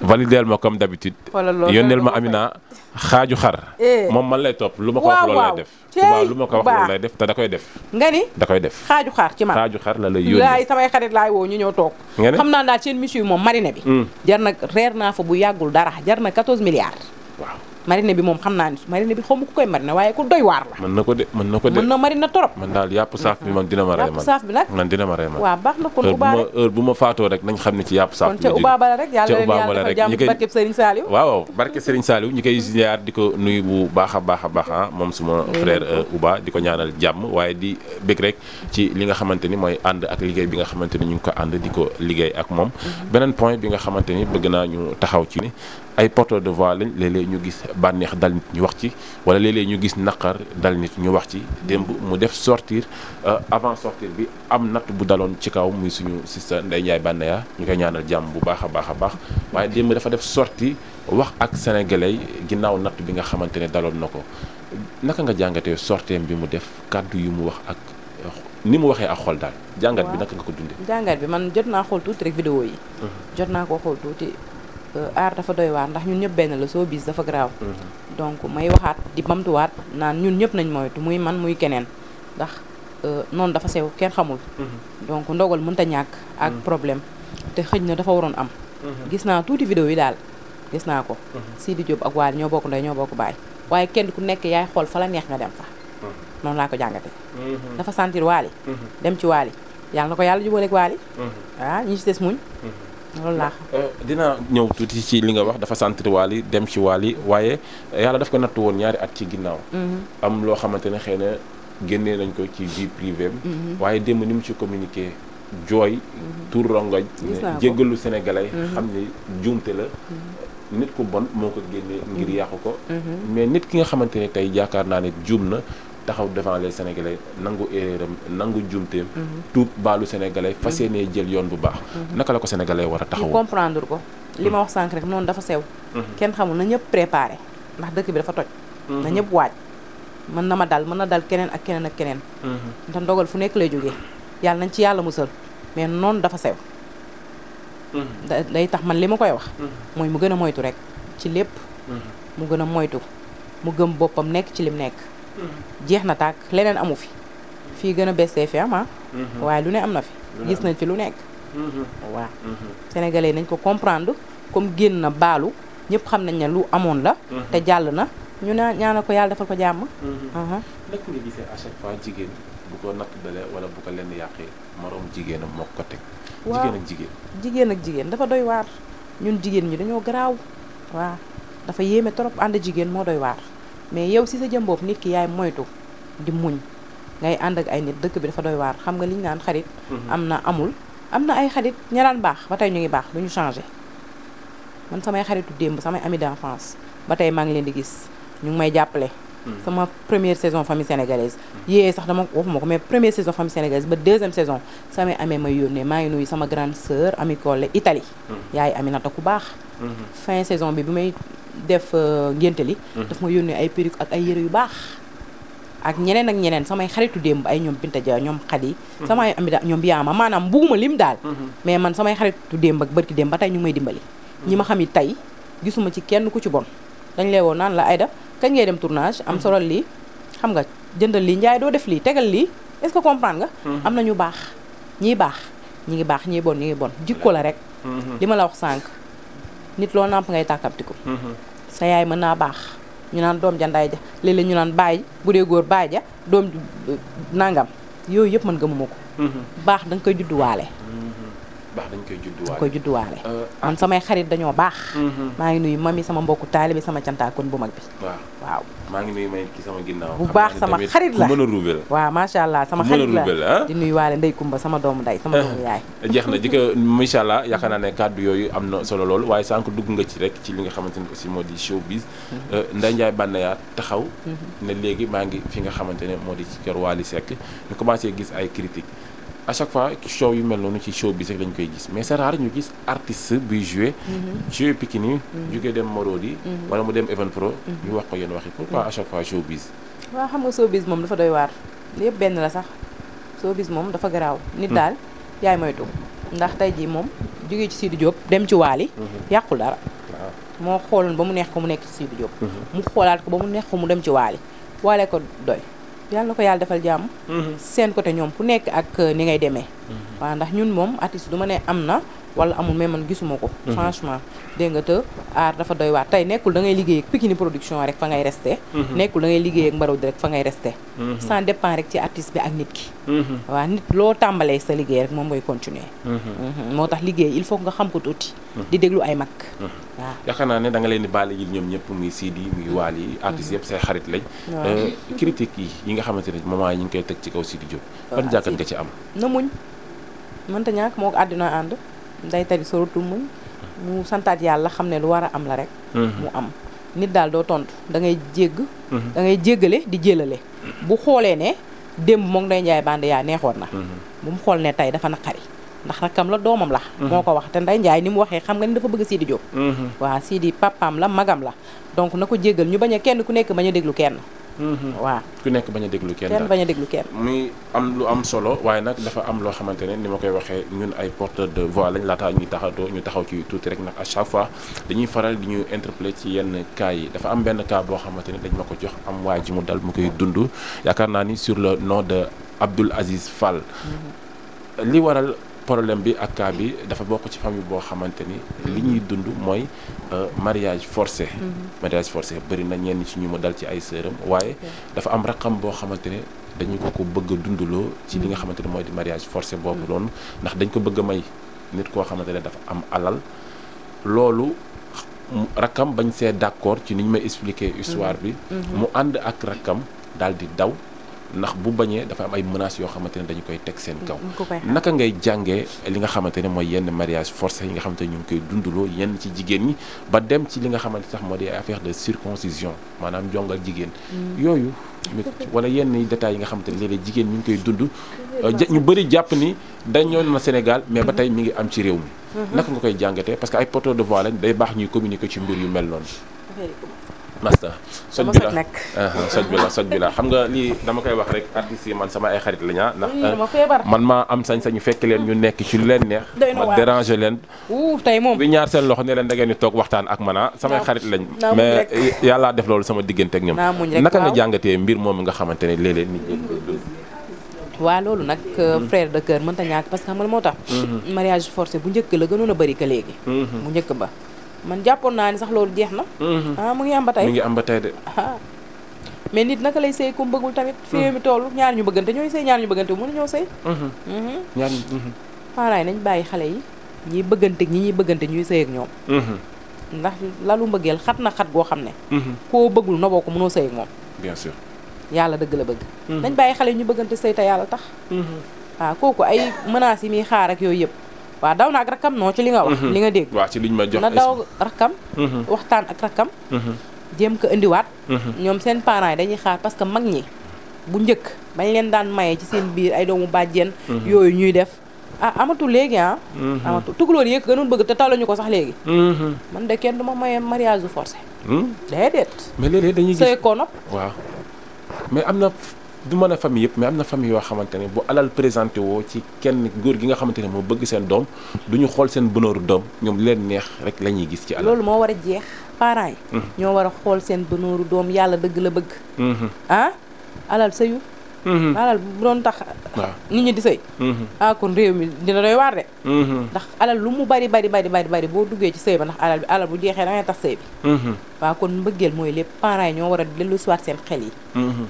valideel ma comme d'habitude. yónneel ma Amina xaaju xar. Eh. moom man lay topp lu ma ko def. waaw lu ma ko wax loolu def te da koy def. nga da koy def xaaju xar ci man xaaju xar la lay yónnee. laay samay xarit laay woo ñu toog. nga ne xam naa daal moom marine bi. Mm. jar na reer naa fa bu yàggul dara jar na 14 milliards. marine bi moom xam naa ni marine bi xaw ma ku koy marine waaye ku doy waar la. mën na ko de mën na ko de mën na marine trop. man daal yàpp saaf bi man dina ma rey man yàpp saaf bi nag man dina ma rey man. waaw baax na kon ubaa rek heure bu ma faatoo rek nañ xam ne ci yàpp saaf bi. kon ca ubaa bala rek yàlla leen yàlla dafa jàmm barkeb Serigne Saliou. waaw barkeb Serigne Saliou ñi koy ziar di ko nuyu bu baax a baax a baax ah, moom suma frère euh, Uba di ko ñaanal jàmm waaye di bëgg rek ci li nga xamante ni mooy ànd ak liggéey bi nga xamante ni ñu ngi ko ànd di ko liggéey ak moom mhm. beneen point bi nga xamante ni bëgg naa ñu taxaw ci ni ay porteur de voix lañ léeg ñu gis bànneex dal nit ñu wax ci wala léeg ñu gis naqar dal nit ñu wax ci démb mu def sortir euh, avant sortir bi am natt bu daloon ci kaw muy suñu sista Ndeye Ndiaye Banaya ñu koy ñaanal jàmm bu baax a baax a baax waaye démb dafa def sorti wax ak sénégalais ginnaaw natt bi nga xamante ne daloon na ko naka nga jàngatee sorteem bi mu def kàddu yi mu wax ak euh, ni mu waxee ak xol daal jàngat bi naka nga ko dundee. jàngat aar dafa doy waar ndax ñun ñëpp benn la showbiz dafa garaaw donc may waxaat di bamtuwaat naan ñun ñëpp nañ moytu muy man muy keneen ndax euh, noonu dafa sew kenn xamul donc ndogal mënta ñàkk ak mm-hmm. problème te xëj na dafa waroon am mm-hmm. gis naa tuuti vidéo yi daal gis naa ko mm-hmm. Sidi Diop ak Waly ñoo bokk ndey ñoo bokk baay waaye kenn ku nekk yaay xool fa la neex nga dem fa noonu laa ko jàngate dafa sentir Waly dem ci Waly yàlla na ko yàlla jubaleeg Waly ah ñi ci des muñ loolu laa euh, dina ñëw tuuti ci li nga wax dafa centré Wally dem ci Wally waaye yàlla daf ko nattu woon ñaari at ci ginnaaw. Mhm. am loo xamante ne xëy na génnee nañ ko ci vie privée mhm. waaye démb ni mu ci communiqué. jooy mhm. tuur rongoñ jéggalu sénégalais xam ne juumte la nit ku bon moo ko génnee ngir yàqu ko mais nit ki nga xamante ne tey jaakaar naa ne juum na taxaw devant les sénégalais nangu erreur am nangu njuumteem. Mhm. tuub baalu sénégalais fas mhm. yéenee jël yoon bu baax. Mhm. naka la ko sénégalais war a taxawoo. comprendre ko li ma wax sànq rek noonu dafa sew. kenn xamul na ñëpp préparé ndax dëkk bi dafa toj. na ñëpp waaj mën na ma dal mën na dal keneen ak keneen ak keneen. te ndogal fu nekk lay jógee yàlla nañ ci yàlla musal mais noonu dafa sew. day tax man li ma koy wax. mooy mu gën a moytu rek ci lépp. mu gën a moytu mu gëm boppam nekk ci lim nekk. jeex na tàkk leneen amu fi fii gën a bees TFM ah mhm. waaye lu ne am na fi gis nañ fi lu nekk mhm. waaw mhm. sénégalais nañ ko comprendre comme génn na baalu ñëpp xam nañ ne lu amoon la te jàll na ñu ne ñaanal ko yàlla defal ko jàmm naka nga gisee à chaque fois jigéen bu ko natt jigéen ak jigéen jigéen dafa doy waar ñun jigéen ñi dañoo garaaw waaw dafa yéeme trop ànd jigéen moo doy waar mais yow si sa jëm bopp nit ki yaay moytu di muñ ngay ànd ak ay nit dëkk bi dafa doy waar xam nga li ñu naan xarit. Mhm. am na amul am na ay xarit ña daan baax ba tey ñu ngi baax lu ñu changé man samay xaritu démb samay ami d'enfance ba tey maa ngi leen di gis ñu ngi may jàppale. Mhm. sama première saison famille sénégalaise. Mhm. yee sax dama waxuma ko mais première saison famille sénégalaise ba deuxième saison samay amee may yónnee maa ngi nuyu sama grande sœur Ami Collé Italie. yaay Aminata ku baax. def euh, ngénte li mm-hmm. daf ma yónnee ay perruque ak ay yére yu baax ak ñeneen ak ñeneen samay xaritu démb ay ñoom Binta jaa ñoom Khady mm-hmm. samay am ñoom ma maanaam bugguma lim daal mm-hmm. mais man samay xaritu démb ak bërki démb ba tey ñu may dimbali ñi ma xam it tey gisuma ci kenn ku ci bon dañ lay woon naan la Aïda kañ ngay dem tournage am solal lii xam nga jëndal lii njaay doo def lii tegal lii est-ce que comprendre nga am na ñu baax ñii baax ñi ngi baax ñii bon ñi ngi bon jikko la rek li ma la wax sànq nit loo nàmp ngay tàkkamtiku sa yaay mën naa baax ñu naan doom ja ndaay ja léeg ñu naan baay bu dee góor baay ja doom nangam yooyu yëpp mën nga gëmuma ko mm-hmm. baax danga koy judduwaale mm-hmm. baax dañ koy judduwaale dañ koy judduwaale. Euh, man samay xarit dañoo baax. Mhm. maa ngi mam mami sama mbokku taalibe sama kon bu mag bi. waaw maa ngi nuyu may ki sama ginnaaw. bu baax sama xarit la mën a ruube la waaw macha allah sama xarit la ah? di nuyu waale ndey kumba sama doomu ndey sama doomu yaay. [LAUGHS] jeex na jikko macha allah yaakaar naa ne kàddu yooyu am na solo loolu waaye sànq dugg nga ci rek ci li nga xamante ne aussi moo di showbiz. Mhm. Euh, Ndeye Ndiaye Banaya taxaw. Mhm. ne léegi maa ngi fi nga xamante ne moo di ci kër Wally Seck ñu commencé gis ay critiques à chaque fois show yu mel noonu ci show bi rek lañ koy gis mais c'est rare ñu gis artiste buy joué mhm. joué Pikini mhm. jógee dem Morodi mhm. wala mu dem Even Pro ñu wax ko yéen waxi pourquoi à chaque fois showbiz waaw xam nga showbiz moom dafa doy waar yëpp benn la sax showbiz moom dafa garaaw nit hmm. daal yaay moytu ndax tey jii moom jógee ci Sidi Diop dem ci Waali yàqul dara moo xooloon ba mu neex ko mu nekk ci Sidi Diop mu xoolaat ko ba mu neex ko mu dem ci Waali waale ko doy yàlla na ko yàlla defal jàmm. Mhm. seen côté ñoom fu nekk ak euh, ni ngay demee. Mhm. waa ndax ñun moom artiste du ma ne am na. wala amul mais man gisuma ko mhm. franchement dégg nga te aar dafa doy waat tey nekkul da ngay liggéey ak Pikini production rek fa ngay resté mhm. nekkul da ngay liggéey ak mbaraw di rek fa ngay resté mhm. ça dépend rek ci artiste bi ak nit ki waaw nit loo tàmbalee sa liggéey rek moom ngay continuer moo tax liggéey il faut nga xam ko tuuti di déglu ay mag waaw naa ne da nga leen di baale yi ñoom ñëpp muy Sidi muy Waly yi artistes yëpp say xarit lañ euh, critique yi nga xamante ne moment yi ñu ngi koy teg ci kaw Sidi Diop ban jàkkat nga am na muñ mënta ñàkk moo ko ànd nday tari sorotul muñ mu santaat yàlla xam ne lu war a am la rek mm-hmm. mu am nit daal doo tontu da ngay jégg mm-hmm. da jéggale di jélale mm-hmm. bu xoolee ne démb moom nday njaay band yaa neexoon na bu mu xool ne tey dafa naqari ndax rakkam la doomam la mhm. moo ko wax te Ndeye Ndiaye ni mu waxee xam nga ni dafa bëgg Sidi Diop mhm. waaw Sidi papaam la magam la donc na ko jéggal ñu bañ a kenn ku nekk bañ déglu kenn mhm. waaw ku nekk bañ a déglu kenn kenn bañ déglu kenn muy am lu am solo waaye nag dafa am loo xamante ne ni ma koy waxee ñun ay porteur de voix lañ laataa ñuy taxatoo ñu taxaw ci tuuti rek nag à chaque fois dañuy faral di ñu interpeller ci yenn cas yi dafa am benn cas boo xamante ne dañ ma ko jox am waa ji mu dal mu koy dund yaakaar naa ni sur le nom de Abdoul Aziz Fall li problème bi ak cas bi dafa bokk ci famille boo xamante ni li ñuy dund mooy euh, mariage forcé mhm. mariage forcé bëri na ñenn ci ñu ma dal ci ay sëram waaye dafa am raqam boo xamante ne dañu ko ko bëgg a dundaloo ci li nga mhm. xamante ne mooy di mariage forcé boobu mhm. noonu ndax dañ ko bëgg may nit koo xamante ne dafa am alal loolu rakkam bañ see d'accord ci ni ñu may expliquer histoire bi mu ànd ak rakkam daal di daw ndax bu bañee dafa am ay menaces yoo xamante ne dañu koy teg seen kaw naka ngay jàngee li nga xamante ne mooy yenn mariage force yi nga xamante ne ñu ngi koy dunduloo yenn ci jigéen ñi ba dem ci li nga xamante sax moo di affaire de circoncision maanaam jongal jigéen mm. yooyu wala yenn détails yi nga xamante ne léeg-léeg jigéen ñu ngi koy dund euh, ñu bëri jàpp ni dañoo na Sénégal mais ba tey mi ngi am ci réew mi mm-hmm. naka nga koy jàngatee parce que ay porteurs de voix day baax ñuy communiquer ci mbir yu mel noonu Nasta soj bi la soj bi la bi la xam nga lii dama koy wax rek artistes yi man sama ay xarit lañaa ah. ndax ah, man maa am sañ-sañu fekk leen ñu nekk ci lu leen neex ma déranger leen tey moom bi ñaar seen loxo ne leen da ngeen di toog waxtaan ak mana ah. samay xarit lañ mais yàllaa def loolu sama diggante ak ñoom naka nga jàngatee mbir moom nga xamante ne léeg-léeg nit ñi waaw loolu nag euh, mm-hmm. frère de cœur mënta ñàkk parce que xam moo tax mm-hmm. mariage forcé bu njëkk la gënoon a bari que léegi mm-hmm. bu njëkk ba man jàppoon naa ni sax loolu jeex na. Mhm. ah mu ngi am ba tey mu ngi am ah. mais nit naka lay sëy ku mu bëggul tamit. fi mhm. mi toll ñaar ñu bëggante ñooy sëy ñaar ñu bëggante mënu ñoo sëy. Mhm. ñaar parents yi nañ bàyyi xale yi ñiy bëggante ñi ñuy bëggante ñuy sëy ak ñoom. ndax lalu mbëggeel xat na xat goo xam ne. koo bëggul noboo ko mënoo sëy ak moom. yàlla dëgg la bëgg. nañ bàyyi xale yi ñu bëggante sëy yàlla tax. waaw ah, kooku ay menaces yi muy xaar ak yooyu yëpp. waaw daw na ak rakkam non ci li nga wax. Mhm. li nga dégg waaw ci liñ na daw rakkam. Mhm. waxtaan ak rakkam. Mhm. jéem ko indiwaat. ñoom seen parent yi dañuy xaar parce que mag ñi bu njëkk bañ leen daan maye ci seen biir ay doomu bàjjen. yooyu ñuy def. ah amatul léegi ah. amatul tukulóor yëpp gënoon bëgg te taluñu ko sax léegi. man de kenn du ma maye mariage du forcé. Hmm? déedéet. mais léeg-léeg ko nopp waaw mais am na. du mën a famille yëpp mais am na famille yoo xamante ne bu alal présenté woo ci kenn góor gi nga xamante ne bëgg seen doom du ñu xool seen bonheur doom ñoom leen neex rek la ñuy gis ci alal loolu moo war a jeex parents yi mhm. ñoo war a xool seen bonheur doom yàlla dëgg la bëgg mhm. ah alal sëyu Mm-hmm. alal bu doon tax nit ñi di sëy mm-hmm. ah kon réew mi dina doy waar de mm-hmm. ndax alal lu mu bari bari bari bari bari boo duggee ci sëy ba ndax alal bi alal bu jeexee dangay tax sëy bi waaw kon mbëggeel mooy lépp parents yi ñoo war a dellu siwaat seen xel yi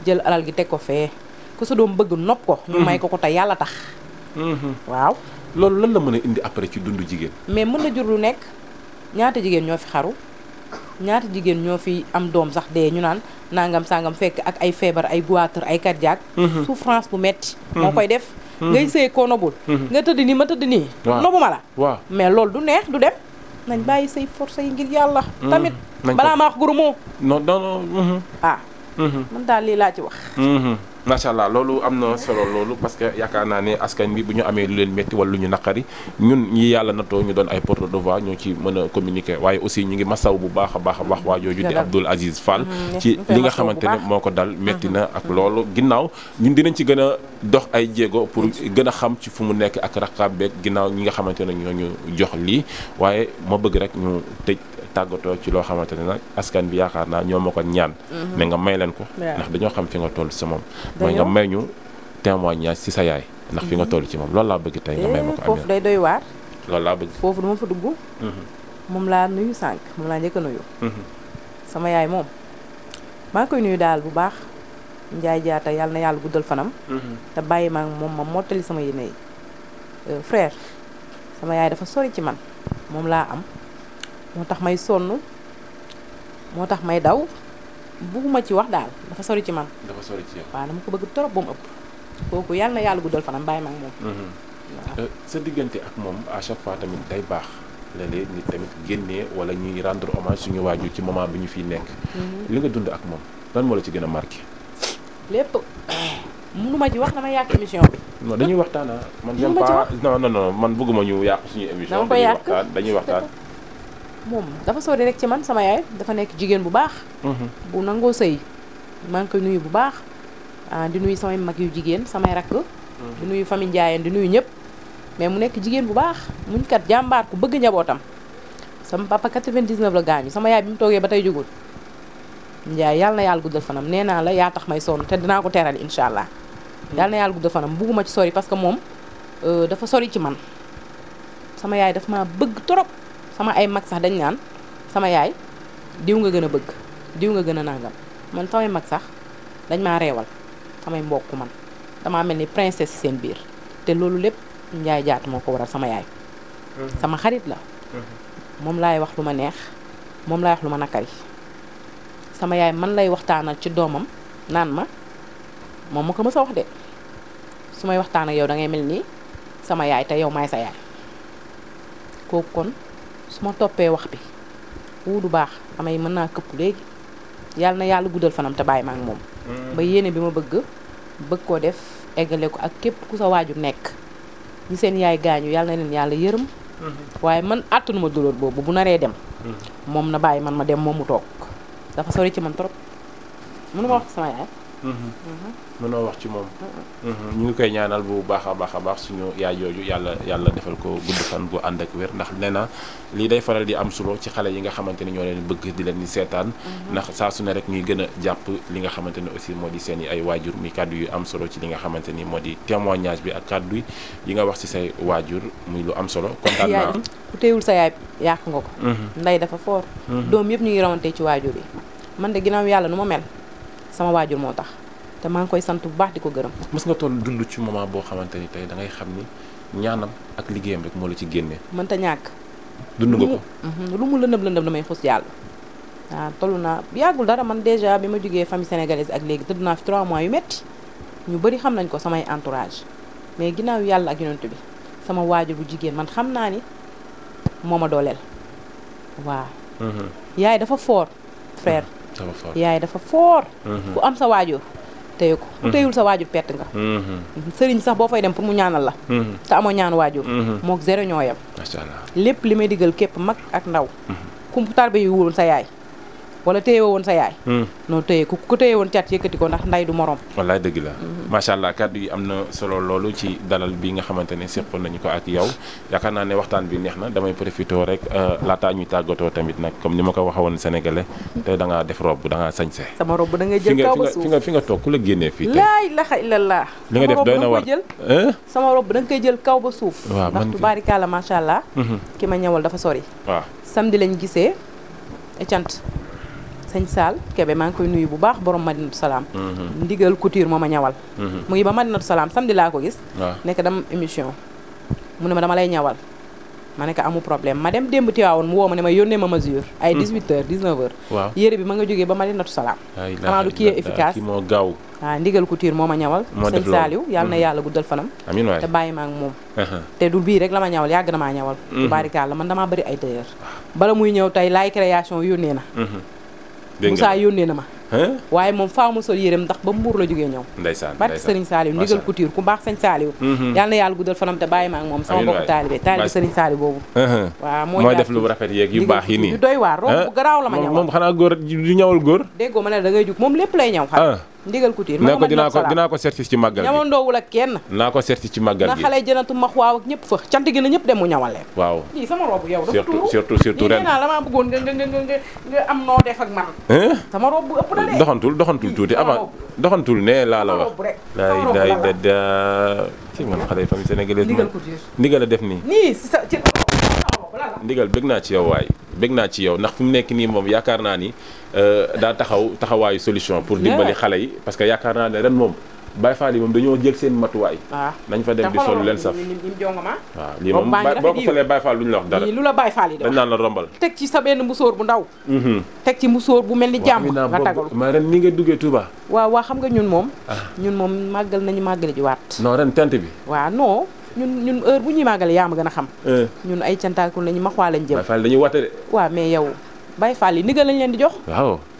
jël alal gi teg ko fee ku sa doomu bëgg nopp ko ñu may ko ko te yàlla tax waaw loolu lan la mën a indi après ci dundu jigéen mais mën na jur lu nekk ñaata jigéen ñoo fi xaru ñaata jigéen ñoo fi am doom sax dee ñu naan nangam sangam fekk ak ay feebar ay goitre ay cardiaque mhm. souffrance bu metti mhm. moo koy def mhm. ngay sëy koo nobul nga tëdd nii ma tëdd nii nobu ma la mais lool du neex du dem nañ bàyyi say force yi ngir yàlla tamit balaa ma wax guru moo non non ah man daal lii laa ci wax. Mhm. macha allah loolu am na solo loolu parce que yaakaar naa ne askan bi bu ñu amee lu leen métti wala lu ñu naqari ñun ñi yàlla natoo ñu doon ay porte de voix ñoo ci mën a communiquer waaye aussi ñu ngi masaw bu baax a baax a baax waa jooju di Abdoul Aziz Fall mhm, ci li nga xamante ne moo ko dal metti na ak mhm. loolu ginnaaw ñun dinañ ci gën a dox ay jéego pour gën a xam ci fu mu nekk ak raqaab beeg ginnaaw ñi nga xamante ne ñoo ñu jox lii waaye ma bëgg rek ñu tëj tàggatoo ci loo xamante ne nag askan bi yaakaar naa ñoo ma ko ñaan ne mhm. nga may leen ko ndax dañoo xam fi nga toll si moom mooy nga may ñu témoignage si sa yaay ndax fi nga mhm. toll ci moom loolu laa bëgg tey nga may ma ko amee eh, foofu day doy waar loolu laa bëgg foofu du ma fa mhm. nuyu sànq moom laa njëkk a nuyu sama yaay moom maa ngi koy nuyu daal bu baax njaay jaata yàlla na yàlla guddal fanam te bàyyi ma moom ma mottali sama yéene yi euh, frère sama yaay dafa sori ci man moom laa am moo tax may sonn moo tax may daw bugguma ci wax daal dafa sori ci man. dafa sori ci yow waaw dama ko bëgg trop ba mu ëpp. kooku yàlla na yàlla guddal fanam bàyyi ma ak moom. Mhm. waaw euh, sa diggante ak moom à chaque fois tamit day baax. léeg-léeg nit tamit génne wala ñuy rendre hommage suñu waajur ci moment bi ñu fiy nekk. Mhm. li nga dund ak moom lan moo la ci gën a marqué. lépp [CLEARS THROAT] mënuma ci wax na dama yàq émission bi. non dañuy waxtaan ah. man. mënuma ci wax non non man bëgguma ñu yàq suñu émission. dama ko dañuy waxtaan dañuy [LAUGHS] moom dafa sori rek ci man sama yaay dafa nekk jigéen bu baax. Mhm. bu nangoo sëy maa ngi koy nuyu bu baax ah, di nuyu samay mag yu jigéen samay rakk. Mhm. di nuyu famille Ndiayeen di nuyu ñëpp. mais mu nekk jigéen bu baax muñ kat jàmbaar ku bëgg njabootam sama papa 99 la gaañu sama yaay bi mu toogee ba tey jógul Ndiaye yàlla na yàlla guddal fanam nee naa la yaa tax may sonn te dinaa ko teral incha allah. Mhm. yàlla na yàlla guddal fanam bugguma ci sori parce que moom euh, dafa sori ci man sama yaay daf maa bëgg sama ay mag sax dañ naan sama yaay diw nga gën a bëgg diw nga gën a nangam man samay mag sax dañ maa reewal samay mbokk man damaa mel ni princesse ci seen biir te loolu lépp njaay jaat moo ko waral sama yaay mhm. sama xarit la mhm. moom laay wax lu ma neex moom laay wax lu ma nakari sama yaay man lay waxtaanal ci doomam naan ma moom ma ko mës wax de su may waxtaan ak yow da mel nii sama yaay te yow maay sa yaay kooku su ma toppee wax bi wuu du baax amay mën naa këpp léegi yàlla na yàlla guddal fanam te bàyyi ma moom. Mm. ba yéene bi ma bëgg bëgg koo def eggale ko ak képp ku sa waajur nekk ñi seen yaay gaañu yàlla na leen yàlla yërëm. Mm-hmm. waaye man àttanu ma doloor boobu bu naree dem. Mm. moom na bàyyi man ma dem moom mu toog dafa sori ci man trop mënu wax sama yaay. Mm-hmm. mënoo wax ci moom. Mm-hmm. ñu ngi koy ñaanal bu baax a baax a baax suñu yaay yooyu yàlla yàlla defal ko gudd fan bu ànd ak wér ndax nee na lii day faral di am solo ci xale yi nga xamante ne ñoo leen bëgg di leen seetaan. Mm-hmm. ndax saa su ne rek ñuy gën a jàpp li nga xamante ne aussi moo di seen i ay waajur mi kàddu yu am solo ci li nga xamante ni moo di témoignage bi ak kàddu yi nga wax ci say waajur muy lu am solo. kontaan naa ku teewul sa yaay yàq nga ko. nday dafa fort. doom yëpp ñu ngi rawante ci waajur yi man de ginnaaw yàlla nu ma mel. sama waajur moo tax te maa ngi koy sant bu baax di ko gërëm. su nga toll dund ci moment boo xamante ni tey da ngay xam ni ñaanam ak liggéeyam rek moo la ci génnee. mënta ñàkk. dund nga ko mhm, lu mu lëndëm lëndëm damay xus yàlla. Ah, tollu toll naa yàggul dara man déjà bi ma jógee famille sénégalaise ak léegi tëdd naa fi 3 mois yu metti ñu bëri xam nañ ko samay entourage mais ginnaaw yàlla ak yonent bi sama waajur bu jigéen man xam naa ni moo ma dooleel waaw. Mhm. yaay yaay dafa foor mhm. ku am sa waajur téye ko ku mhm. téyul sa waajur pett nga mhm. sëriñ sax boo fay dem pour mu ñaanal la te amoo ñaan waajur mook zéro yam lépp li may diggal képp mag ak ndaw ku tarbi yu wul sa yaay wala téye woon sa yaay. noo hmm. téye ku ko téye woon cat yëkkati ko ndax nday du morom. wallaay dëgg la hmm. macha allah kàddu yi am na solo loolu ci dalal bi nga xamante ne seqoon nañu ko ak yow yaakaar naa ne waxtaan bi neex na damay profité rek euh, laataa ñuy tàggatoo tamit nag comme ni ma ko waxawoon sénégalais tey da ngaa def robe da ngaa sañse. da ngay jël kaw fi nga fi nga toog ku génnee fii. laa ilaha illallah. li nga def doy na war sama robe da nga koy jël kaw ba suuf. waaw man ndax tubaarikàlla macha allah. Mhm. ki ma ñëwal dafa sori. waaw samedi lañ gisee cant sëñ Saal Kebe maa ngi koy nuyu bu baax borom Madinatu Salaam. Mhm. ndigal couture moo ma ñawal. Mhm. mu ngi ba Madinatu Salaam samedi laa ko gis. nekk dama émission mu ma dama lay ñawal. ma ne ko amu problème ma ma ne ma yónnee ma mesure. Mhm. ay 18 ma nga jógee ba Madinatu Salaam. xanaa moo ma ñawal. moo def loolu sëñ yàlla na yàlla guddal fanam. amiin waay te bàyyi ma ak moom. Uh-huh. te du bii rek la ma ñawal yàgg na maa ñawal. tubaarikàlla man damaa bëri ay tailleur. bala muy ñëw tey laay création yónnee na. dégg nga Moussa yónnee na ma. waaye moom faaw ma sol yéreem ndax ba mbuur la jógee ñëw. ndeysaan ndeysaan barke Serigne Saliou ndigal couture ku baax sañ Saliou. Mhm. yàlla na yàlla guddal fanam te bàyyi ma ak moom sama bokk taalibe taalibe Serigne Saliou boobu. Mhm. waaw mooy def lu rafet yeeg yu baax yi nii. yu doy waar romb bu garaaw la ma ñawal moom xanaa góor du ñawal góor. déggoo ma ne da ngay jug moom lépp lay ñaw. ndigal couture ne ko dinaa ko dinaa ko certifié ci màggal gi ñawandoowul ak kenn naa ko certifié ci màggal gi na xale jënatu max waaw ak ñëpp fa cant gi a ñëpp dem mu ñawal leen waaw lii sama robu yow dafa tuuru surtout surtout ren doxantul tuuti avant doxantul ne laa la wax laay daay da da ci man xale yi famille sénégalaise ndigal a def nii ndigal bëgg naa ci yow waaye bëgg naa ci yow ndax fu mu nekk nii moom yaakaar naa ni Euh, daa taxaw taxawaayu solution pour dimbali xale yi parce que yaakaar naa ne ren moom Baye Fall yi moom dañoo jël seen matuwaay ah. nañ fa dem lii moom boo ko solee Baye Fall duñu la wax dara lu la Baye Fall yi dañ naan la rombal teg ci sa benn musóor bu ndaw mm-hmm. teg ci musóor bu mel ni jàmm nga tagal ma ren ni nga duggee Touba waaw waaw xam nga ñun moom ah. ñun moom màggal nañu màggali ji waat non ren tent bi waaw non ñun ñun bu ñuy màggale yaa ma gën a xam eh. ñun ay cantaakul Baye Fall yi ndigal lañ leen di jox.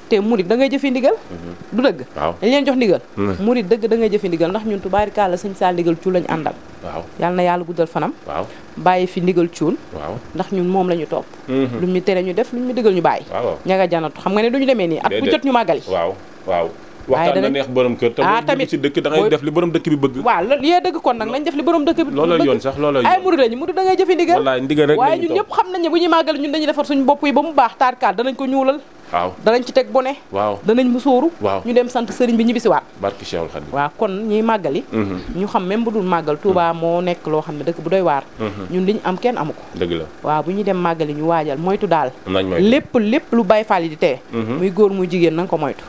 te murid da ngay jëfi ndigal. Mhm. du dëgg. waaw dañ leen jox ndigal. Mhm. murid dëgg da ngay jëfi ndigal ndax ñun tubaarikàlla sëñ Saal ndigal cuun lañ àndal. waaw yal na yàlla guddal fanam. waaw bàyyi fi ndigal cuun. waaw ndax ñun moom la ñu topp. Mhm. lu ñu tere ñu def lu mu digal ñu bàyyi. ña nga janatu xam nga ne du ñu demee nii at bu ñu màggali waaw waxtaan na neex borom kër ah, tamit ci dëkk da def li borom dëkk bi bëgg waaw loolu yee dëgg kon nag nañ def li borom dëkk bi looloo yoon sax looloo yoon ay murid lañu murid da ngay jëfe ndigal wallaay ndigal rek waaye ñun xam nañ ne bu màggal ñun dañuy defar suñu bopp yi ba mu baax taarkaal danañ ko ñuulal waaw danañ ci teg bone waaw danañ mu sóoru waaw ñu dem sant sëriñ bi ñibbisiwaat barki Cheikhul Khadim waaw kon ñuy màggali mhm. ñu xam même bu dul màggal Touba mhm. moo nekk loo xam ne dëkk bu doy waar mhm. ñun liñ am kenn amu ko dëgg la waaw bu ñuy dem màggali ñu waajal moytu daal lépp lépp lu Baay fal yi di tee muy góor muy jigéen nanga ko moytu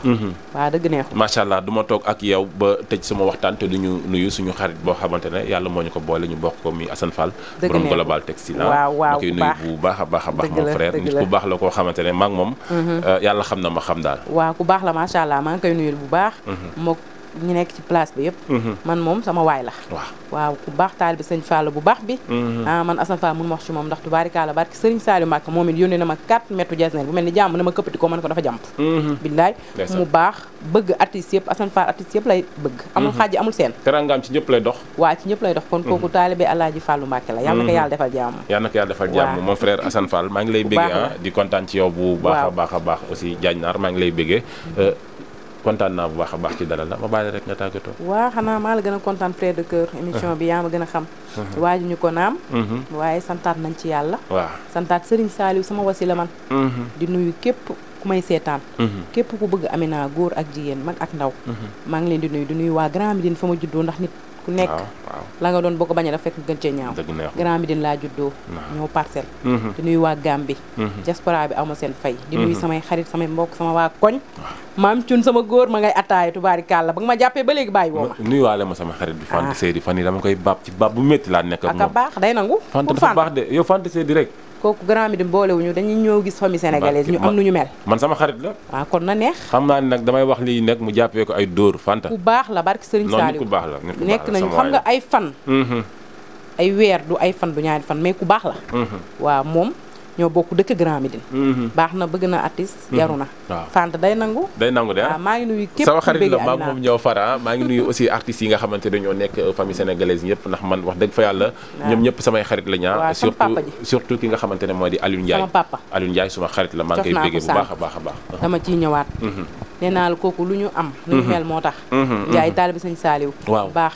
waaw dëgg neexu macha allah du ma toog ak yow ba tëj sama waxtaan te duñu nuyu suñu xarit boo xamante ne yàlla moo ñu ko boole ñu bokk ko muy Assane Fall borom Global Textile waaw waaw koy nuyu bu baax a baax a baax mon frère baax la koo xamante ne maag moom yàlla xam na ma xam daal. waaw ku baax la macha allah maa ngi koy nuyul bu baax. Mhm. ñi nekk ci place bi yëpp mhm. man moom sama waay la waaw ku baax taal bi sëñ Fall bu baax bi mhm. ah man Assane Fall mun wax ci moom ndax tubaarikaala barki sëriñ Saliou Mbacke moom it yónnee na ma 4 mètres jasner bu mel ni jàmm na ma këppati ko man ko dafa jàmp mhm. billaay mu baax bëgg artiste yëpp Assane Fall artiste yëpp lay bëgg amul xaaji amul seen terangaam ci ñëpp lay dox waaw ci ñëpp lay dox kon kooku taalibe Alaaji Fallu Mbacke la yàlla na ko yàlla kontaan naa bu baax a baax ci dalal la ma bàyyi rek nga tàggatoo. waaw xanaa maa la gën a kontaan frère de cœur uh-huh. émission bi yaa ma gën a xam. Uh-huh. waajuñu ko naam. Uh-huh. waaye santaat nañ ci yàlla. santaat Serigne Saliou sama wasila man. di képp. ku may seetaan képp ku bëgg Amina góor ak jigéen mag ak ndaw maa leen di waa Grand Médine fa ma juddoo ndax nit nekk la doon boo ko bañee dafa fekk gën ñaaw Grand Médine laa juddoo ñëw parcelle mhm. di nuyu waa Gambie mhm. diaspora bi aw ma seen fay di nuyu mhm. samay xarit samay mbokk sama waa koñ maam cun sama góor ma ngay attaaya tubaari kàlla ba nga ma jàppee ba léegi bàyyi woo ma nuyuwaale ma sama xarit bi Fanta ah. Seydi fan yi dama koy baab ci baab bu métti laa nekk ak moom baax day nangu Fanta dafa baax de yow Fanta Seydi rek kooku Grand Médine boolewuñu dañuy ñoo gis famille sénégalaise ñu am nu ñu mel. man sama xarit la. waaw ah, kon na neex. xam naa ne nag damay wax lii nag mu jàppee ko ay dóor fanta. ku baax la barki Serigne Saliou non nit ku baax la nit ku nekk nañu xam nga ay fan. Mhm. ay weer du ay fan du ñaari fan mais ku baax la. Mhm. waaw moom ñoo bokk dëkk Grand Médine mhm. baax na bëgg na artiste mhm. yaru na Fanta day nangu day nangu de ah. Ah, maa ngi nuyu képp sama xarit la maa moom ñoo ah. maa ngi nuyu aussi artistes yi nga xamante dañoo nekk euh, famille sénégalaise ñëpp ndax man wax dëgg fa ñëpp samay xarit la ñaar surtout surtout ki nga xamante ne moo di Aliou Ndiaye sama papa Aliou Ndiaye suma xarit la maa ngi koy bégee bu baax a baax a baax uh-huh. dama ciy ñëwaat uh-huh. naa la kooku lu ñu am lu ñu mel uh-huh. moo tax Ndiaye taalibe Sëñ Saaliw waaw baax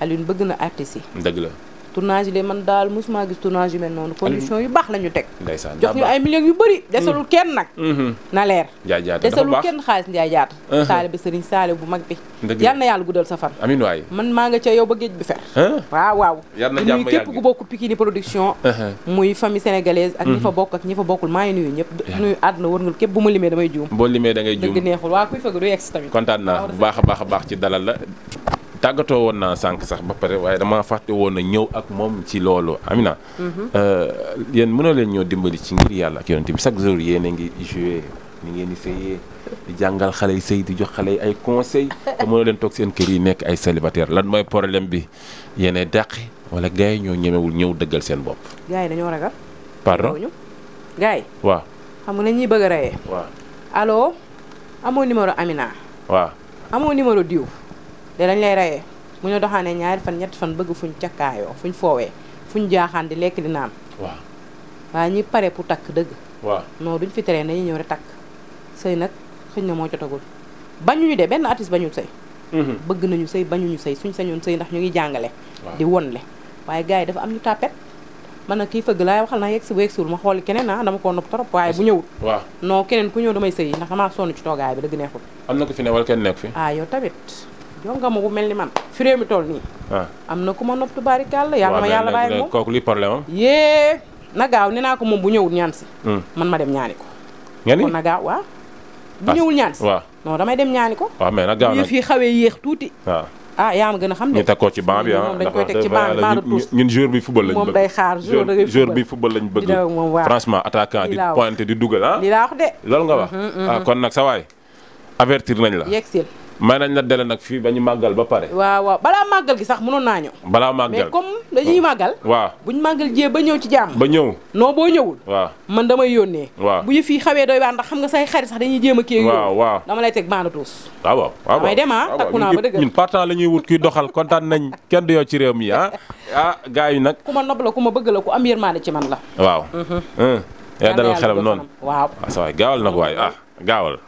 Aliou bëgg na artistes yi dëgg la tournage yi de man daal mosuma gis tournage yu mel noonu condition yu baax la ñu teg jox ñu ay millions yu bëri mm. desalul kenn nag mm-hmm. na leer desalul kenn xaalis njaay jaata uh-huh. taalibe sëriñ saale bu mag bi yal na yàlla guddal sa fan amiin waay man maa nga ca yow ba géej bi fer waaw waaw nuyu képp ku bokk Pikini uh-huh. fa mm-hmm. bokk ak ñi fa bokkul maa ngi nuyu ñëpp nuyu àdduna wërngal képp bu ma limee damay juum boo limee da ngay juum dëgg neexul waa kuy fëgg du yegg kontaan naa a baax a la tàggatoo woon naa sànq sax ba pare waaye damaa fàtte woon a ñëw ak moom ci loolu Amina. Mhm. Euh, yéen mënoo leen ñoo dimbali ci ngir yàlla ak yonent bi chaque jour yéen a ngi joué ni ngeen di sëyee di jàngal xale yi sëy di jox xale yi ay conseil te mënoo leen toog seen kër yi nekk ay célibataire lan mooy problème bi yéenay dàqi wala gars yi ñoo ñemewul ñëw dëggal seen bopp. gars yi dañoo ragal. pardon gars yi. waaw xam nga ñuy bëgg a reyee. waaw amoo numéro Amina. waaw amoo numéro diw. de lañ lay reyee bu ñu doxaanee ñaari fan ñetti fan bëgg fuñ cakkaayoo fuñ foowee fuñ jaaxaan di lekk di naan. waaw ñi pare pour takk dëgg. waaw non duñ fi teree nañu ñëw rek takk sëy nag xëñ na moo jotagul bañuñu de benn artiste bañul sëy. Mhm. bëgg nañu sëy bañuñu sëy suñ sañoon sëy ndax ñu ngi jàngale. di le waaye gars yi dafa am ñu tàppet man nag kii fëgg laay waxal naa yegg bu yegg ma xool keneen ah dama ko nopp trop waaye bu ñëwul. waaw keneen ku ñëw damay sëy ndax damaa sonn ci toogaay bi dëgg am na ko fi ne wala fi. ah tamit jonga ma bu mel ni man fi réew mi toll nii. Ah. am na ku ma nopp tubaarikàlla yàlla ma yàlla kooku li problème am. yee na gaaw naa ko moom bu ñëwul ñaan si. Hmm. ma dem ñaani ko. ngeen kon na gaaw waaw. Ah, bu ñëwul damay dem ñaani ko. waaw mais nag gaaw nag fii xawee yéex tuuti. waaw ah. ah yaa ma gën a xam ñu teg ko ci banc bi dañ koy teg ci banc bi ñun jour bi football lañ moom day xaar jour da ngay jour bi football lañ bëgg. franchement attaquant di pointé di dugal ah. li laa wax de. loolu nga wax. Mm-hmm, mm-hmm. kon nag sa waay avertir nañ la. yegsil may nañ la dele nag fii ba ñu màggal ba pare. waaw waaw balaa màggal gi sax mënoon naa ñëw. balaa màggal mais comme dañuy màggal. waaw bu ñu màggal jiyee ba ñëw ci jàmm. ba ñëw non boo ñëwul. waaw man damay yónnee. waaw bu yëf yi xawee doy waar ndax xam nga say xarit sax dañuy jéem a. kii waaw waaw dama lay teg maanu tuus. Ah, waaw waaw ah, waaw dem ah, ah takku naa ba ñun partant la ñuy wut kuy doxal kontaan nañ kenn du ci réew mi ah. [LAUGHS] ah gars yi nag. ku ma nopp la ku ma bëgg la ku am yërmaande ci man la. waaw. Mhm. yaa dalal xelam noonu. waaw gaawal nag waay ah gaawal